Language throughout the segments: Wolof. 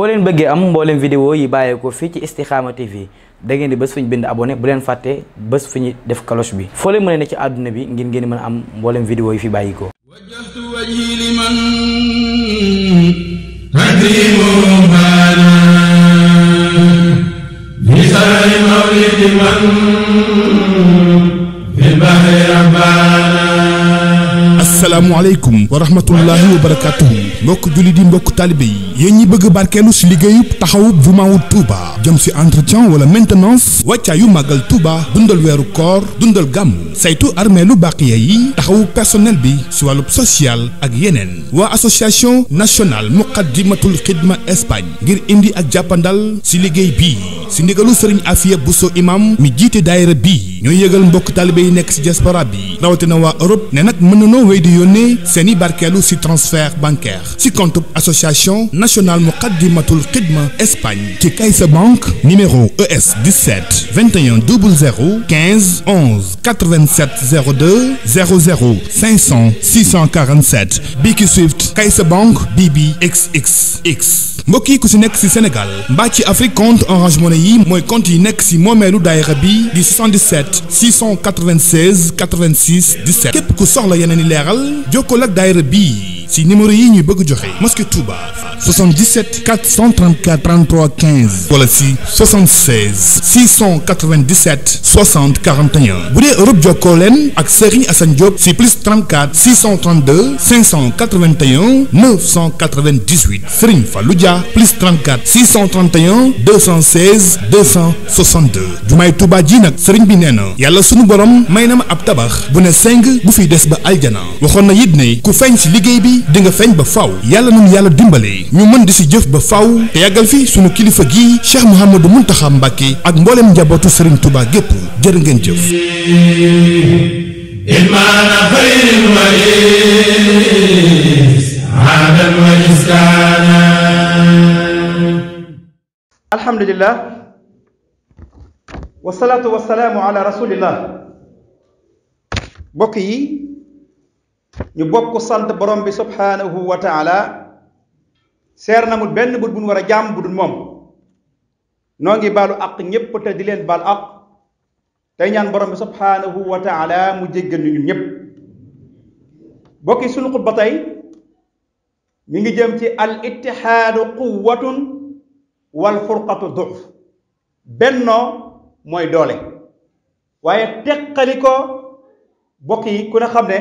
boo leen bëggee am mbooleem vidéo yi bàyyeekoo fii ci Istikhama TV da ngeen di bés fu ñu bind abonné bu leen fàttee bës fu ñu def cloche bi foo leen mën a ne ci àdduna bi ngir ngeen mën a am mbooleem vidéo yi fi bàyyikoo wajjahtu wajhi liman akrimu maana bi sari mawlidi man asalaamualeykum wa rahmatullahi wa barakatuhu mbokk julli di mbokk taalibé yi yéen ñi bëgg barkeelu si liggéeyub taxawub jumawu Touba jëm si entretien wala maintenance wàccaayu màggal Touba dundal weeru koor dundal gàmm saytu armee lu baqiya yi taxawu personnel bi si wàllub social ak yeneen waa association nationale muqaddimatul xidma Espagne ngir indi ak jàppandal si liggéey bi si ndigalu sëriñ Afia Bousso imam mi jiite daayira bii ñooy yëgal mbokk taalibe yi nekk ci diaspora bi rawatina waa Europe ne nag mën na noo wéy di yónnee seen i barkeelu ci transfert bancaire ci compte association nationale Muqaddimatul Xidma Espagne ci CaixaBank numéro ES 17 21 00 15 11 87 02 00 500 647 Biki Swift CaixaBank BB XXX mbokk yi ku ci nekk ci Sénégal mbaa ci Afrique compte Orange Money yi mooy compte yi nekk ci moomeelu daayira bi di 77 77 696 86 17 képp ku soxla yeneen i leeral jokkoo ak daayira bii si numéro yi ñu bëgg joxe mosquée Touba 77 434 33 15 wala si 76 697 60 41 bu dee Europe jokkoo leen ak Serigne Assane Diop si plus 34 632 581 998 Serigne Fallou Dia plus 34 631 216 262 jumaay Touba ji nag Serigne bi nee na yàlla sunu borom may na ma ab tabax bu ne seng bu fi des ba aljana waxoon na it ne ku feeñ si liggéey bi. dinga di feeñ ba faaw yàlla nañu yàlla dimbale ñu mën di si jëf ba faaw te yàggal fi suñu kilifa gii Cheikh Mouhamadou Mountakha Mbacké ak mbooleem njabootu Serigne tubaa gépp jërë ngeen jëf alhamdulillah wasalaatu wasalaamu ala rasulillah mbokk yi ñu bokk sant borom bi subhaanahu wa taala seer namul benn bët bu war a jaam bu moom noo ngi baalu àq ñépp te di leen baal àq tey ñaan borom bi subhaanahu wa taala mu jéggal ñu ñun ñépp bokki sunu xutba tey mi ngi jëm ci al ittihaadu quwwatun wal furqatu duuf bennoo mooy doole waaye teqali ko bokk yi ku ne xam ne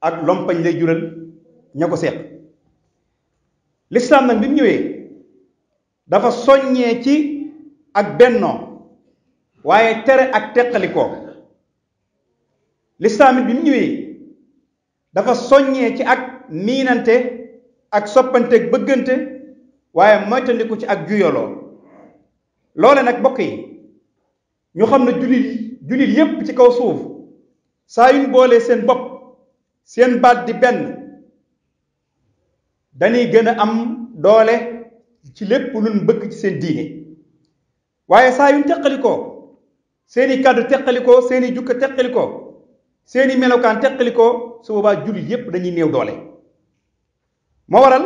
ak lompañ lay jural ña ko seq lislaam nag bi mu ñëwee dafa soññee ci ak bennoo waaye tere ak teqalikoo lislaam bi mu ñëwee dafa soññee ci ak miinante ak soppante bëggante waaye moytandiku ci ak juyoloo loole nag bokk yi ñu xam ne jullit jullit yépp ci kaw suuf saa yu ñu boolee seen bopp seen baat di benn dañuy gën a am doole ci lépp luñ bëgg ci seen diine waaye saa yuñ teqalikoo seeni kàddu teqalikoo seeni jukka teqalikoo seeni melokaan teqalikoo su boobaa jullit yépp dañuy néew doole moo waral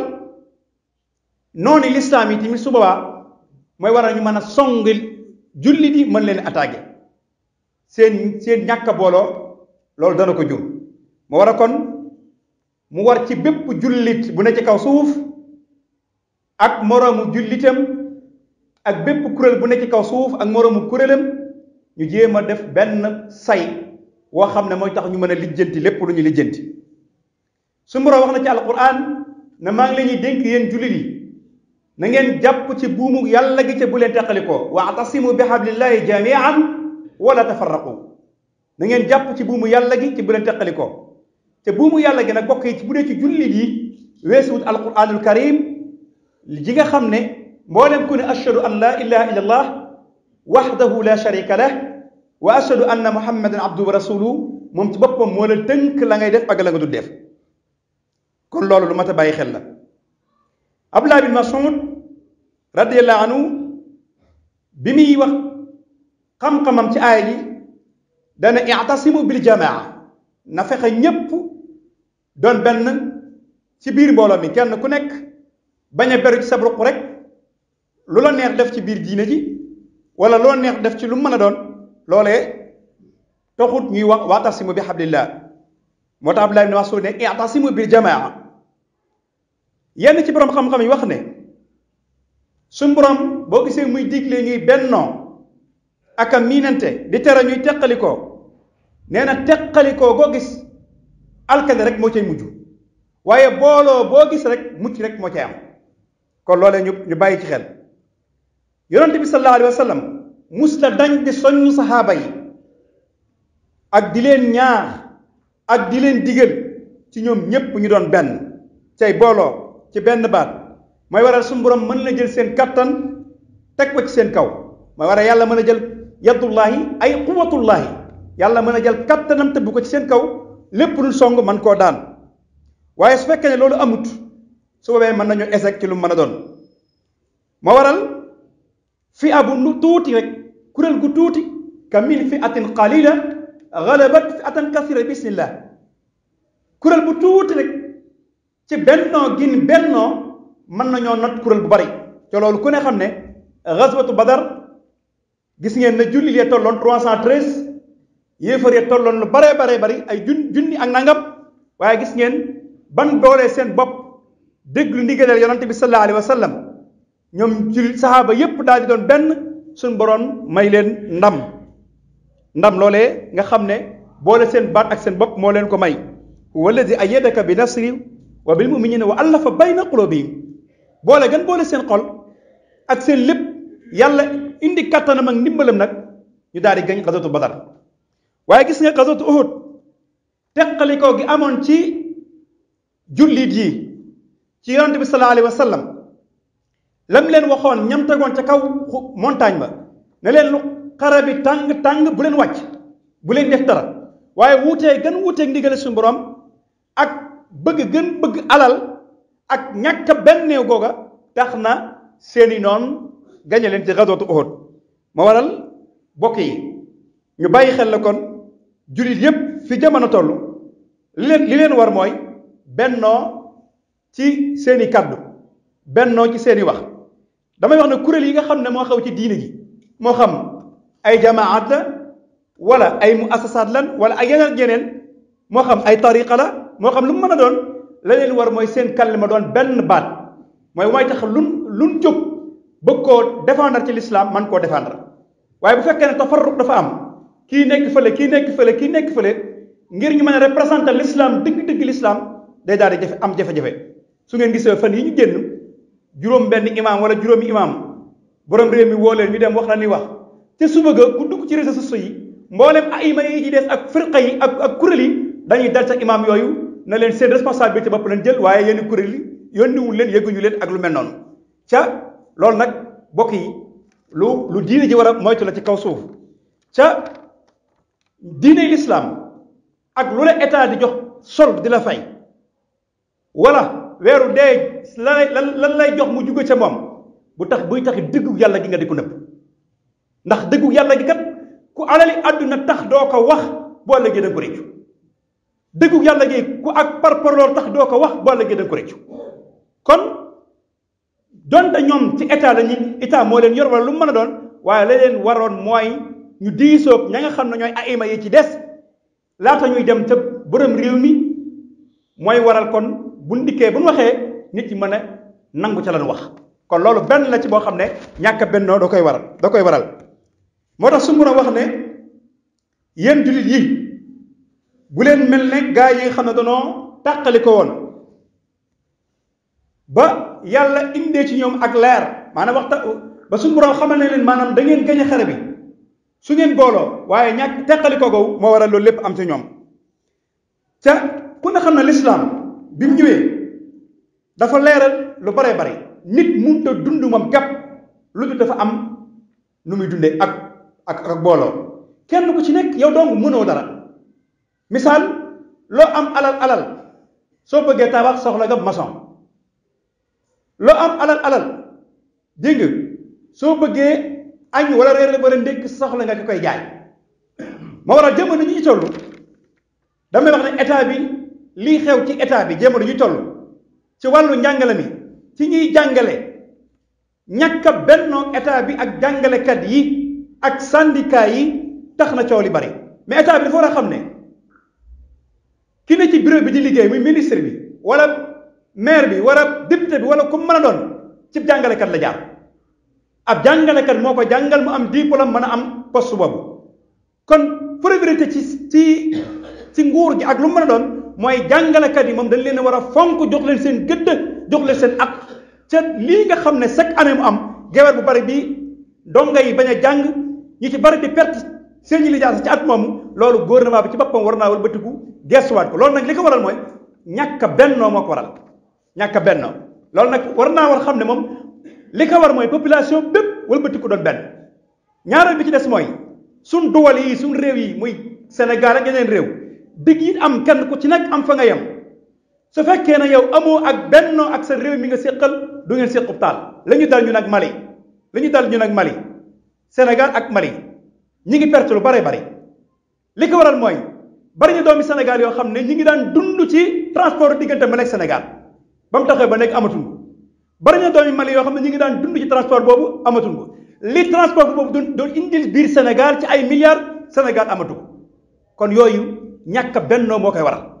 noonu lislaam yi tamit su boobaa mooy waral ñu mën a song jullit yi mën leen attaqué seen seen ñàkk booloo loolu dana ko jur moo kon mu war ci bépp jullit bu ne ci kaw suuf ak moroomu jullitam ak bépp kuréel bu ne ci kaw suuf ak moroomu kuréelam ñu jéem a def benn say woo xam ne mooy tax ñu mën a lijjanti lépp lu ñu lijjanti su mboroom wax na ci alquran ne maa ngi leen ñuy dénk yéen yi na ngeen jàpp ci buumu yàlla gi ca bu leen teqalikoo waatasimu bi hablillahi jamian wala tafarraqu na ngeen jàpp ci buumu yàlla gi ci bu leen teqalikoo te buumu yàlla gi nag bokk yi ci bu dee ci jullit yi weesuwut alquranul karim ji nga xam ne mboolem ku ne ashhadu an laa ilaha illa allah waxdahu la sharika lah wa ashhadu anna muhammadan abduhu wa rasuluhu moom ci boppam moo la tënk la ngay def ak la du def kon loolu lu mat a bàyyi xel la abdullah bin mas'ud radiyallahu anhu bi muy wax xam-xamam ci aaya ji dana i'tasimu bil jamaa na fexe ñépp doon benn ci biir mbooloo mi kenn ku nekk bañ a beru ci sa ruq rek lu la neex def ci biir diine ji wala loo neex def ci lu mën a doon loolee taxut ñuy wax waatasimu bi hablillah moo tax Abdullah ibn Mas'ud ne i'tasimu bil jamaa yenn ci boroom xam-xam yi wax ne suñ borom boo gisee muy digle ñuy bennoo ak a miinante di tere ñuy teqalikoo nee na teqalikoo goo gis alkande rek moo cay mujj waaye booloo boo gis rek mucc rek moo cay am kon loolee ñu ñu bàyyi ci xel yonente bi sallallahu alayhi wa sallam musta dañ di soññ saxaaba yi ak di leen ñaar ak di leen digal ci ñoom ñépp ñu doon benn cay booloo ci benn baat mooy waral suñu borom mën na jël seen kattan teg ko ci seen kaw mooy waral yàlla mën a jël yaddullaahi ay quwatullaahi yàlla mën a jël kattanam bu ko ci seen kaw lépp lu song man koo daan waaye su fekkee ne loolu amut su boobee mën nañu échec ci lu mën a doon moo waral fi abu lu tuuti rek kuréel gu tuuti kamil fi atin qalila galabat fi atan kasira bismillah kuréel bu tuuti rek ci bennoo gin bennoo mën nañoo not kuréel bu bari te loolu ku ne xam ne xaswatu badar gis ngeen ne jullit yee tolloon yéefar ya tolloon lu baree baree bari ay jun junni ak nangam waaye gis ngeen ban doolee seen bopp déglu ndigaleel yonante bi sallallahu alayhi wa sallam ñoom ci saxaaba yépp daal di doon benn suñ boroon may leen ndam ndam loole nga xam ne boole seen baat ak seen bopp moo leen ko may huwa ay ayyadaka bi nasri wa bil muminina wa allafa bayna qulubihim boole gën boole seen xol ak seen lépp yàlla indi kattanam ak ndimbalam nag ñu daal di gañ xasatu badar waaye gis nga xasatu Uhud teqalikoo gi amoon ci jullit yi ci yonante bi sallallahu alayhi wa lam leen waxoon ñam tegoon ca kaw montagne ba ne leen lu xara bi tàng tàng bu leen wàcc bu leen def dara waaye wuutee gën wuuteeg ndigale suñu borom ak bëgg gën bëgg alal ak ñàkk benn néew googa tax na seeni noon gañe leen ci xasatu Uhud ma waral bokk yi ñu bàyyi xel la kon jullit yépp fi jamono toll li leen li leen war mooy benn noo ci seeni kàddu bennoo ci seeni wax damay wax ne kuréel yi nga xam ne moo xaw ci diine gi moo xam ay jamaat la wala ay muassasaat lan wala ay yeneen yeneen moo xam ay tariqa la moo xam lu mën a doon la leen war mooy seen ma doon benn baat mooy waaye tax lun lun jóg bëgg ko défendre ci lislaam man koo défendre waaye bu fekkee ne tafarruq dafa am kii nekk fële kii nekk fële kii nekk fële ngir ñu mën a représenter l'islam dëgg-dëgg l'islam day daal di jafe am jafe-jafe su ngeen gisee fan yi ñu génn juróom benn imaam wala juróomi imaam borom réew mi woo leen ñu dem wax la ni wax te su bëgg ku dugg ci réseaux sociaux yi mboolem ayima yi ci des ak firqa yi ak ak kuréel yi dañuy dal ca imaam yooyu na leen seen responsabilité bopp leen jël waaye yenn kuréel yi yónniwul leen yëgguñu leen ak lu mel noonu ca loolu nag bokk yi lu lu diine ji war a la ci kaw suuf ca diine lislaam ak lu la état di jox solde di la fay wala weeru dee lan lan lay jox mu jóge ca moom bu tax buy taxi dëggu yàlla gi nga di ko nëbb ndax dëggu yàlla gi kat ku alali àdduna tax doo ko wax boo léegi da nga ko réccu dëggu yàlla gi ku ak parparloor tax doo ko wax boo léegi da nga ko réccu kon donte ñoom ci état lañu état moo leen yor wala lu mu mën a doon waaye la leen waroon mooy ñu diisoog ña nga xam ne ñooy ay aima yi ci des laata ñuy dem ca borom réew mi mooy waral kon bu ndikkee bu ñu waxee ñu ci mën a nangu ca lañu wax kon loolu benn la ci boo xam ne ñàkk a bennoo doo koy waral doo koy waral moo tax su mën wax ne yéen jullit yi bu leen mel ne gaa yi xam ne danoo tàqali ko woon ba yàlla indee ci ñoom ak leer maanaam waxta ba suñu borom xamal ne leen maanaam da ngeen gañe xare bi su ngeen booloo waaye ñàkk teqali ko googu moo waral loolu lépp am ci ñoom ca ku ne xam na lislaam bi mu ñëwee dafa leeral lu bare bare nit munta dund moom képp lu dul dafa am nu muy dundee ak ak ak booloo kenn ku ci nekk yow dong mënoo dara misaal loo am alal alal soo bëggee tabax soxla nga maçon loo am alal alal dégg soo bëggee añ wala réer la wala ndégg soxla nga ki koy jaay moo waral jamono ji ñu toll damay wax ne état bi lii xew ci état bi jamono toll ci wàllu njàngale mi ci ñuy jàngale ñàkk a bennoo état bi ak jàngalekat yi ak syndicat yi tax na coow li bari mais état bi dafa war a xam ne ki ci bureau bi di liggéey muy ministre bi wala maire bi wala député wala ku mën a doon ci jàngalekat la jaar. ab jàngalekat moo ko jàngal mu am diplôme mën a am poste boobu kon priorité ci ci ci nguur gi ak lu mu mën a doon mooy jàngalekat yi moom dañ leen a war a fonk jox leen seen gëdd jox leen seen at ca lii nga xam ne chaque année mu am gewer bu bari bi donga yi bañ a jàng ñi ci bari di perte seen i lijaasa ci at moomu loolu gouvernement bi ci boppam war naa wal bëtiku gestuwaat ko loolu nag li ko waral mooy ñàkk a bennoo moo ko waral ñàkk a bennoo loolu nag war naa war xam ne moom li ko war mooy population bépp wëlbati ko doon benn ñaareel bi ci des mooy suñ duwal yi suñ réew yi muy Sénégal ak yeneen réew digg yi am kenn ku ci nag am fa nga yem su fekkee ne yow amoo ak bennoo ak sa réew mi nga séqal du ngeen séqub taal lañu ñu dal ñu nag Mali la ñu dal ñu nag Mali Sénégal ak Mali ñu ngi perte lu bare bari li ko waral mooy bari na doomi Sénégal yoo xam ne ñu ngi daan dund ci transport diggante ma ak Sénégal ba mu taxee ba nekk amatul bari na doomi Mali yoo xam ne ñu ngi daan dund ci transport boobu amatul ko li transport boobu doon doon indil biir Sénégal ci ay milliards Sénégal amatu ko kon yooyu ñàkk a bennoo moo koy waral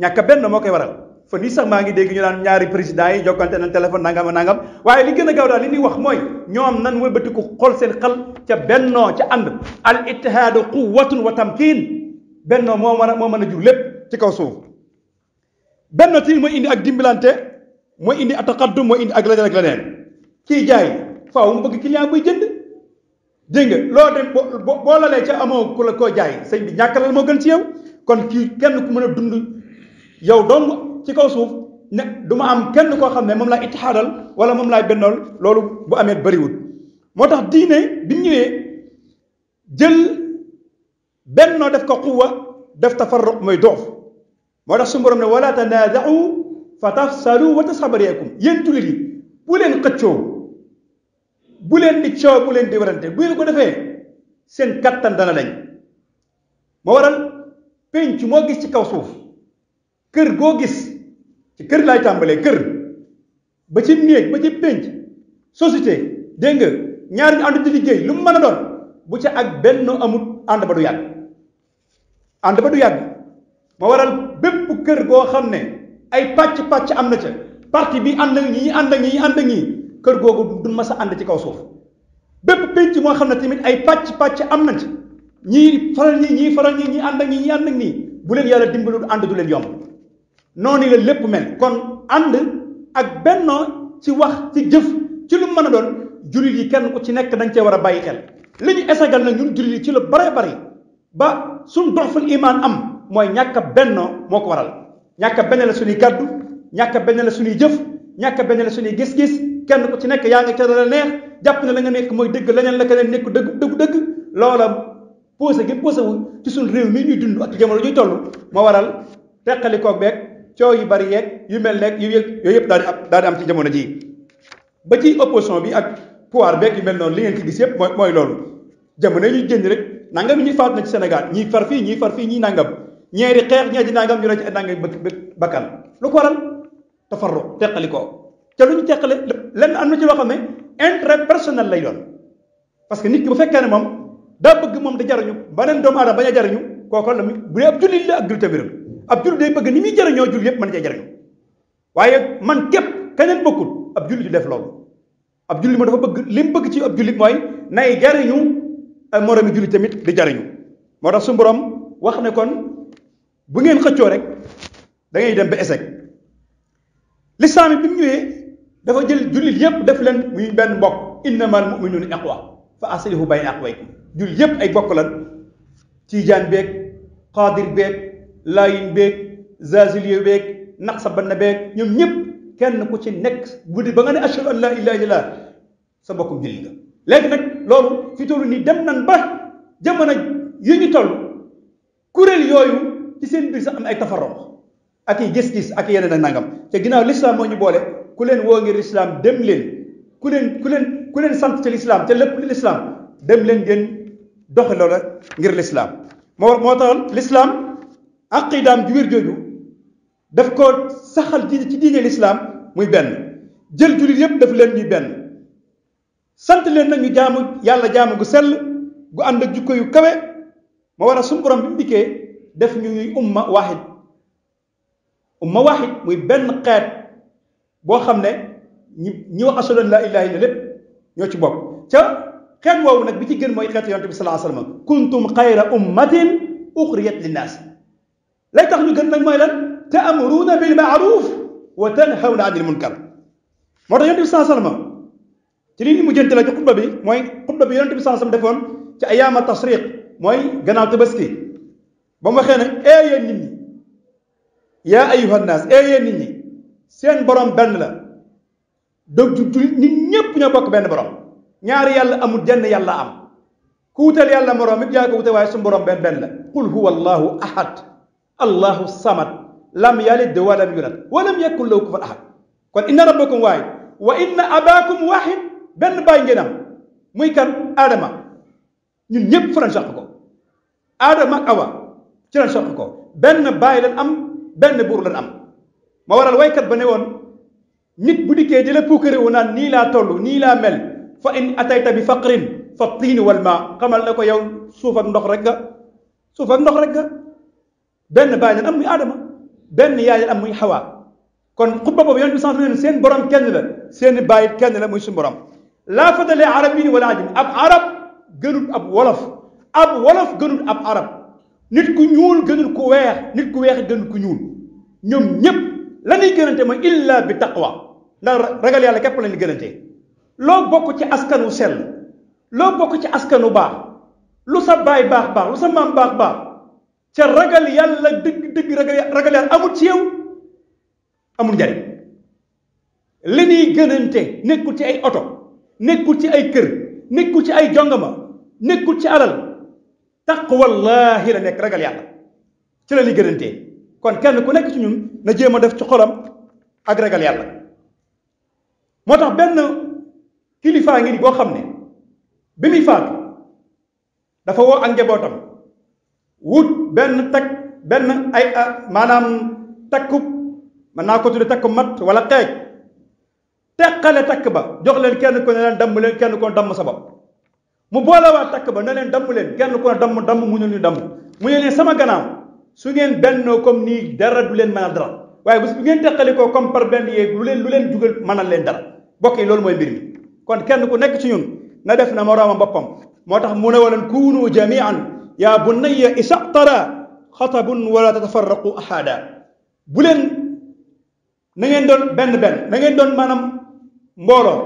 ñàkk bennoo moo koy waral fan yii sax maa ngi dégg ñu naan ñaari président yi jokkante nañ téléphone nangam a nangam waaye li gën a gaaw daal li ñuy wax mooy ñoom nan wëlbatiku xool seen xel ca bennoo ca ànd al ittihaadu quwwatun wa tamkiin bennoo moo mën a moo mën a jur lépp ci kaw suuf bennoo tamit indi ak dimbalante. mooy indi ataqaddum mooy indi ak leneen ak leneen kii jaay faaw mu bëgg client buy jënd dégg loo dem boo boo lalee ca amoo ku la koo jaay sëñ bi ñàkk moo gën ci yow kon kii kenn ku mën a dund yow dong ci kaw suuf ne du ma am kenn koo xam ne moom laay ittihaadal wala moom laay bennool loolu bu amee bariwul moo tax diine bi ñëwee jël bennoo def ko quwwa def tafarruq mooy doof moo tax su borom ne wala tanaaza'u fa tafsalu wa tasxabareekum yéen jullit yi bu leen xëccoo bu di coow bu leen di bu ko defee seen kattan dana lañ moo waral penc moo gis ci kaw suuf kër goo gis ci kër laay tàmbalee kër ba ci néeg ba ci penc société dégg nga ñaari ñu ànd di liggéey lu mu bu ca ak benn amut ànd ba du yàgg ànd ba du yàgg moo waral bépp kër goo xam ne ay pàcc pàcc am na ca parti bi ànd na ñii ànd ak ñii ànd ak kër googu duñ ma sa ànd ci kaw suuf bépp penc moo xam ne tamit ay pàcc pàcc am nañ ci ñii faral ñii ñi faral ñii ñii ànd ak ñii ñii ànd ak ñii bu leen yàlla dimbalul ànd du leen yomb noonu la lépp mel kon ànd ak bennoo ci wax ci jëf ci lu mën a doon jullit yi kenn ku ci nekk dañ cee war a bàyyi xel li ñu esagal nag ñun jullit yi ci lu bare bari ba suñ doxful imaan am mooy ñàkk a bennoo moo ko waral ñàkk a benn la suñuy kaddu ñàkk a benn la suñuy jëf ñàkk a benn la suñuy gis-gis kenn ku ci nekk yaa ngi ca la neex jàpp ne la nga nekk mooy dëgg leneen la keneen nekk dëgg dëgg dëgg loola posé gi posé wu ci suñu réew mi ñuy dund ak jamono ñuy toll moo waral teqalikoog beeg coow yu bari yeeg yu mel nekk yu yooyu yëpp daal di am daal di am ci jamono jii ba ci opposition bi ak pouvoir beeg yu mel noonu li ngeen ci gis yëpp mooy mooy loolu jamono ñu jënd rek nangam ñi faatu na ci Sénégal ñii far fii ñii far fii ñii nàngam ñee di xeex ñee di nangam ñu ne ci nangam bëgg bakkan lu ko waral tafarru teqali ko te lu ñu teqale lenn am na ci loo xam ne intérêt personnel lay doon parce que nit ki bu fekkee ne moom daa bëgg moom da jariñu beneen doomu aadama bañ a jariñu kooku la bu dee ab jullit la ak ab jullit day bëgg ni muy jariñoo jullit yëpp mën cee waaye man képp keneen bokkul ab jullit di def loolu ab jullit ma dafa bëgg li mu bëgg ci ab jullit mooy nay jariñu moroomi jullit tamit di jariñu moo tax su borom wax ne kon bu ngeen xëccoo rek dangay dem ba échec lislaam bi mu ñëwee dafa jël jullit yépp def leen muy benn mbokk innamal mu'minuuna ixwa fa aslihu bayna axawaykum jullit yépp ay bokk lan tiijaan beeg xaadir beeg laayin beeg zaaziliyo beeg naqsabanna beeg ñoom ñëpp kenn ku ci nekk bu di ba nga ne ashhadu an laa ilaaha sa mbokkum jullit nga léegi nag loolu fi tollu nii dem nan ba jamono yi ñu toll kuréel yooyu ci seen biir sax am ay tafaroo ak i gis-gis ak yeneen ak nangam te ginnaaw lislaam moo ñu boole ku leen woo ngir lislaam dem leen ku leen ku leen ku leen sant ci lislaam te lépp lislaam dem leen ngeen doxe loola ngir lislaam moo moo taxoon lislaam aqidaam ju wér jooju daf ko saxal diine ci diine lislaam muy benn jël jullit yépp daf leen ñuy benn sant leen nañu ñu yàlla jaamu gu sell gu ànd ak jukko yu kawe moo war a suñu bi mu def ñu ñuy umma waaxid umma waaxid muy benn xeet boo xam ne ñi ñi wax ashhadu an laa ilaaha illa ñoo ci bopp ca xeet woowu nag bi ci gën mooy xeet yonent bi sallallaahu alayhi wa sallam kuntum xayra ummatin uxrijat linnaas lay tax ñu gën nag mooy na ta'muruuna bil ma'ruuf wa tanhawna anil munkar moo tax yonent bi sallallaahu alayhi wa sallam ci li ñu mujjante la ci xutba bi mooy xutba bi yonent bi sallallaahu alayhi wa sallam defoon ci ayaama tashriq mooy gannaaw tabaski ba mu waxee ne ee yéen ñi yaa ayyuhan naas ee ñi seen borom benn la dog ju jullit nit ñépp ñoo bokk benn borom ñaari yàlla amul jenn yàlla am ku wutal yàlla moroom it yaa ko wute waaye suñu borom benn benn la qul huwa allahu ahad allahu samad lam yalid walam yulad walam yakun lahu kufuwan ahad kon inna rabbakum waahid wa inna abaakum waahid benn baay ngeen am muy kan aadama ñun ñépp faran sàq ko aadama ak ci lañ soqi ko benn bàyyi lañ am benn buur lañ am ma waral waykat ba ne woon nit bu dikkee di la puukare wu naan nii laa toll nii laa mel fa in atayta bi faqrin fa tiin wal ma xamal na ko yow suuf ndox rek ga suuf ndox rek ga benn bàyyi lañ am muy aadama benn yaay lañ am muy xawaa kon xubba boobu yonent bi sant leen seen borom kenn la seen bàyyi kenn la muy suñu borom laa fadale arabin wala ajam ab arab gënul ab wolof ab wolof gënul ab arab nit ku ñuul gënul ku weex nit ku weex gënul ku ñuul ñoom ñépp la ñuy ma mooy bi bi taqwa ndax ragal yàlla képp la ñuy gënante loo bokk ci askanu sell loo bokk ci askanu baax lu sa baay baax baax lu sa maam baax baax ca ragal yàlla dëgg dëgg ragal yàlla amul ci yow amul njariñ li ñuy gënante nekkul ci ay oto nekkul ci ay kër nekkul ci ay jongama nekkul ci alal taqwallahi la nekk ragal yàlla ci la ñuy gënantee kon kenn ku nekk ci ñun na jéem def ci xolam ak ragal yàlla moo tax benn kilifaa ngi ni boo xam ne bi muy dafa woo ak njabootam wut benn takk benn ay ah, maanaam takkub mën naa ko tudde takku mat wala xeej teqale takk ba jox leen kenn ku ne leen damm leen kenn ko damm sa mu boole waa takk ba na leen damm leen kenn ku ne damm damm mu ñu ñu damm mu ne leen sama gannaaw su ngeen bennoo comme nii dara du leen mën a dara waaye bés bu ngeen teqalikoo comme par benn yeeg lu leen lu leen jugal leen dara bokk yi loolu mooy mbir mi kon kenn ku nekk ci ñun na def na moroomam boppam moo tax mu ne waleen kuunu jamian yaa bunayya isaqtara xatabun wala tatafarraqu ahada bu leen na ngeen doon benn benn na ngeen doon maanaam mbooloo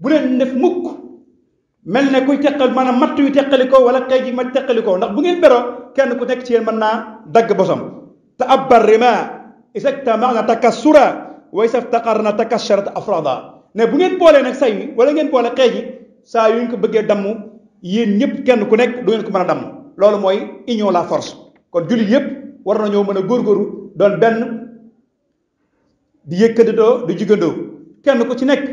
bu leen def mukk mel ne kuy teqal maanaam matt yu ko wala kay gi ma teqalikoo ndax bu ngeen beroo kenn ku nekk ci yéen mën naa dagg bosam te ab barrima isactamaana takassura wa isaftaqarna takasharat afrada ne bu ngeen boolee nag say wi wala ngeen boole xeej yi saa yu ñu ko bëggee damm yéen ñëpp kenn ku nekk du ngeen ko mën a damm loolu mooy union la force kon jullit yëpp war na ñëw mën a góorgóorlu doon benn di yëkkanditoo di jigandoo kenn ku ci nekk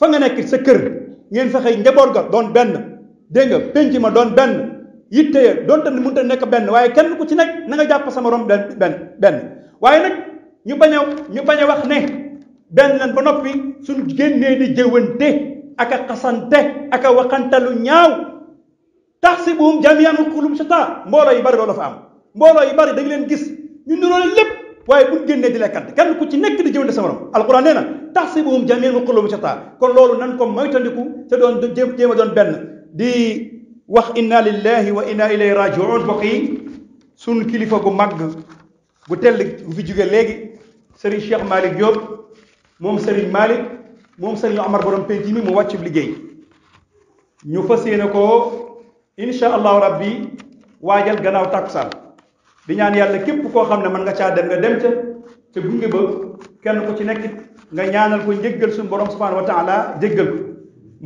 fa nga nekk sa kër ngeen fexe njaboot ga doon benn dégg nga penc ma doon benn yitte ya doonte ne mënut nekk benn waaye kenn ku ci nekk na nga jàpp sama morom benn benn benn waaye nag ñu bañ a ñu bañ a wax ne benn lan ba noppi suñ génnee di jëwante ak a xasante ak a waxante lu ñaaw tax si buum jamian xulum sata mbooloo yu bari loolu fa am mbooloo yu bari dañ leen gis ñu niroole lépp waaye bu génnee di lekkante kenn ku ci nekk di jëwante sa morom alquran nee na taxsibuhum jamii'an wa quluubuhum shatta kon loolu nan ko moytandiku te doon jéem a doon benn di wax inna lillahi wa inna ilayhi raji'un bokk yi sunu kilifa gu màgg gu tell gu fi jóge léegi sëriñ Cheikh Malick Diop moom sëriñ Malick moom sëriñ Amar borom penc mi mu wàccub liggéey ñu fas yéene ko incha rabbi waajal gannaaw tàkkusaan di ñaan yàlla képp koo xam ne mën nga caa dem nga dem ca te gunge ba kenn ku ci nekk nga ñaanal ko njëggal suñu borom subhanahu wa taala jéggal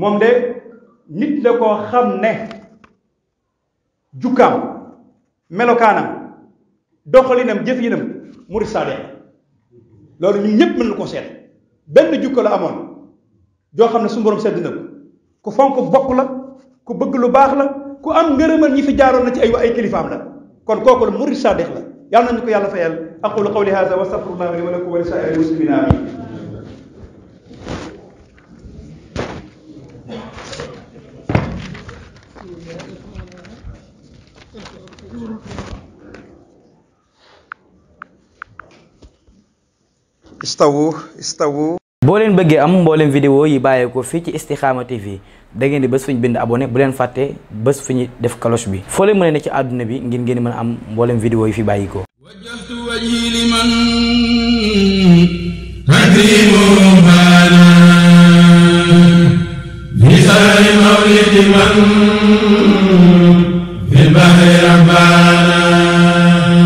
ko nit la koo xam ne jukkaam melokaanam doxalinam jëf yinam murid loolu ñun ñëpp mën na ko seet benn jukka la amoon xam ne suñu borom sedd na ko ku fonk bokk la ku bëgg lu baax la ku am ngërëmal ñi fi jaaroon na ci ay wax ay kilifaam la kon kooku la murid sadiq la yàlla nañu ko yàlla fayal aqulu qawli hada wa astaghfirullah li wa lakum wa li saa'iril muslimin amin istawu istawu boo leen bëggee am mboolem vidéo yi bàyyeekoo fii ci Istikhama TV da ngeen di bés fu ñu bind abonné bu leen fàttee bés fu ñu def cloche bi foo leen mën ne ci àdduna bi ngir ngeen mën am mboolem vidéo yi fi bàyyi ko wajjahtu wajhi liman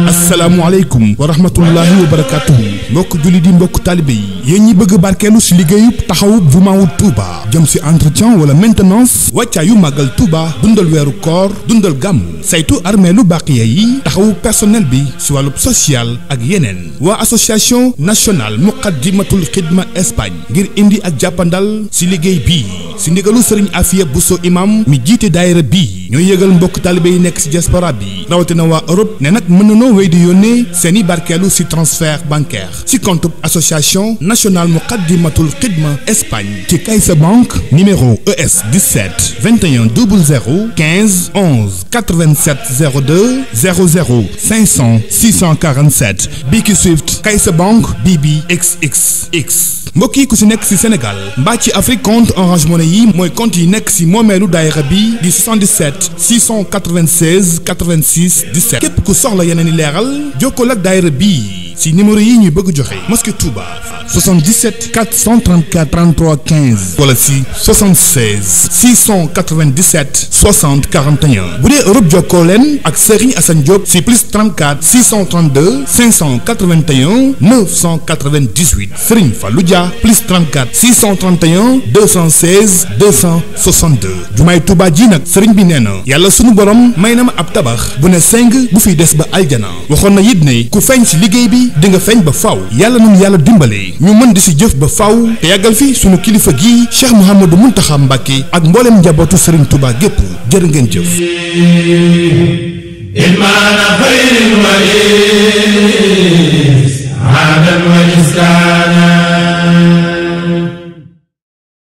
asalaamu aleykum wa rahmatullahi wa barakatuhu mbokk julli di mbokk taalibe yi yéen ñi bëgg barkeelu si liggéeyub taxawub jumaawub Touba jëm si entretien wala maintenance yu màggal Touba dundal weeru koor dundal gàmmu saytu armée lu baqiya yi taxawu personnel bi si wàllu social ak yeneen waa association nationale muqaddimatul xidma Espagne ngir indi ak jàppandal si liggéey bii si ndigalu sëriñ bu Bousso imam mi jiite daayira bii ñooy yëgal mbokk taalibe yi nekk si diaspora bi rawatina waa Europe ne nag mën nanoo wéy di yónnee seen i barkeelu si transfert bancaire ci compte association nationale Muqaddimatul Xidma Espagne ci Caixa Bank numéro ES 17 21 00 15 11 87 02 00 500 647 Biki Swift Caixa Bank BBXXX mbokk yi ku si nekk si Sénégal mbaa ci Afrique compte Orange Money yi mooy compte yi nekk si moomeelu daayira bi di 77 696 86 17 képp ku soxla yeneen i leeral jokkoo ak daayira bii si numéro yi ñu bëgg joxe mosquée Touba 77 434 33 15 wala si 76 697 60 41 bu dee Europe jokkoo leen ak Serigne Assane Diop si plus 34 632 581 998 Serigne Fallou Dia plus 34 631 216 262 jumaay Touba ji nag Serigne bi nee na yàlla sunu borom may na ma ab tabax bu ne seng bu fi des ba aljana waxoon na it ne ku feeñ si liggéey bi. gi di nga feeñ ba faaw yàlla nañu yàlla dimbale ñu mën di si jëf ba faaw te yàggal fi suñu kilifa gii Cheikh Mouhamadou Mountakha Mbacké ak mbooleem njabootu Serigne tubaab gépp jërë ngeen jëf